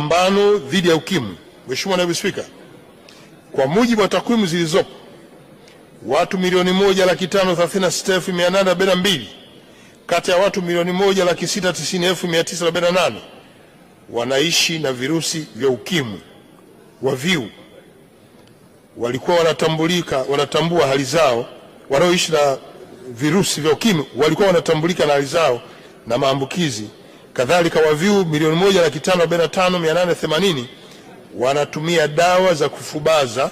mapambano dhidi ya ukimwi. Mheshimiwa Naibu Spika, kwa mujibu wa takwimu zilizopo watu milioni moja laki tano thelathini na sita elfu mia nane arobaini na mbili kati ya watu milioni moja laki sita tisini elfu mia tisa arobaini na nane wanaishi na virusi vya ukimwi. Waviu walikuwa wanatambulika, wanatambua hali zao, wanaoishi na virusi vya ukimwi walikuwa wanatambulika na hali zao na maambukizi Kadhalika, wavyu milioni moja laki tano arobaini na tano mia nane themanini wanatumia dawa za kufubaza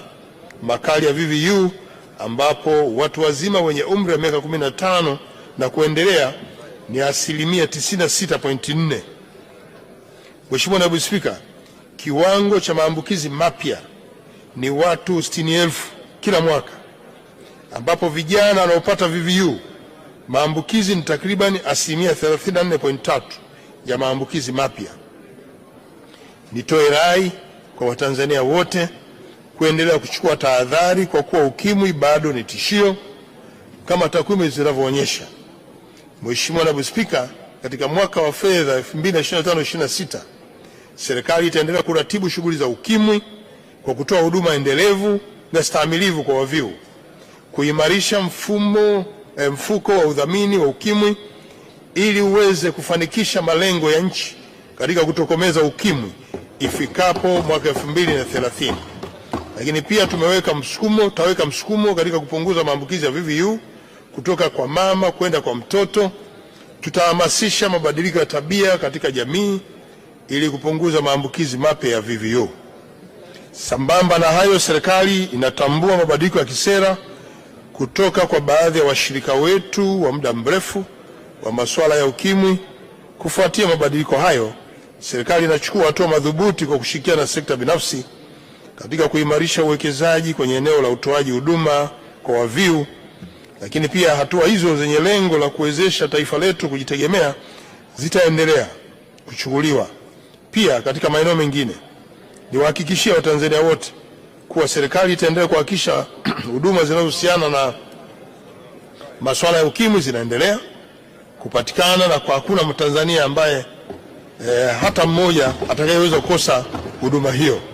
makali ya VVU, ambapo watu wazima wenye umri wa miaka 15 na kuendelea ni asilimia 96.4. Mheshimiwa Naibu Spika, kiwango cha maambukizi mapya ni watu 60,000 kila mwaka, ambapo vijana wanaopata VVU maambukizi ni takriban asilimia 34.3 ya maambukizi mapya. Nitoe rai kwa Watanzania wote kuendelea kuchukua tahadhari kwa kuwa ukimwi bado ni tishio kama takwimu zinavyoonyesha. Mheshimiwa Naibu Spika, katika mwaka wa fedha 2025/26 serikali itaendelea kuratibu shughuli za ukimwi kwa kutoa huduma endelevu na stahimilivu kwa wavivu, kuimarisha mfumo, eh, mfuko wa udhamini wa ukimwi ili uweze kufanikisha malengo ya nchi katika kutokomeza ukimwi ifikapo mwaka thelathini. Lakini pia tumeweka msukumo, tutaweka msukumo katika kupunguza maambukizi ya VVU kutoka kwa mama kwenda kwa mtoto. Tutahamasisha mabadiliko ya tabia katika jamii ili kupunguza maambukizi mapya ya VVU. Sambamba na hayo, serikali inatambua mabadiliko ya kisera kutoka kwa baadhi ya washirika wetu wa muda mrefu wa masuala ya ukimwi. Kufuatia mabadiliko hayo, serikali inachukua hatua madhubuti kwa kushirikiana na sekta binafsi katika kuimarisha uwekezaji kwenye eneo la utoaji huduma kwa waviu, lakini pia hatua hizo zenye lengo la kuwezesha taifa letu kujitegemea zitaendelea kuchukuliwa pia katika maeneo mengine. Niwahakikishia Watanzania wote kuwa serikali itaendelea kuhakikisha huduma zinazohusiana na masuala ya ukimwi zinaendelea kupatikana na kwa hakuna Mtanzania ambaye eh, hata mmoja atakayeweza kukosa huduma hiyo.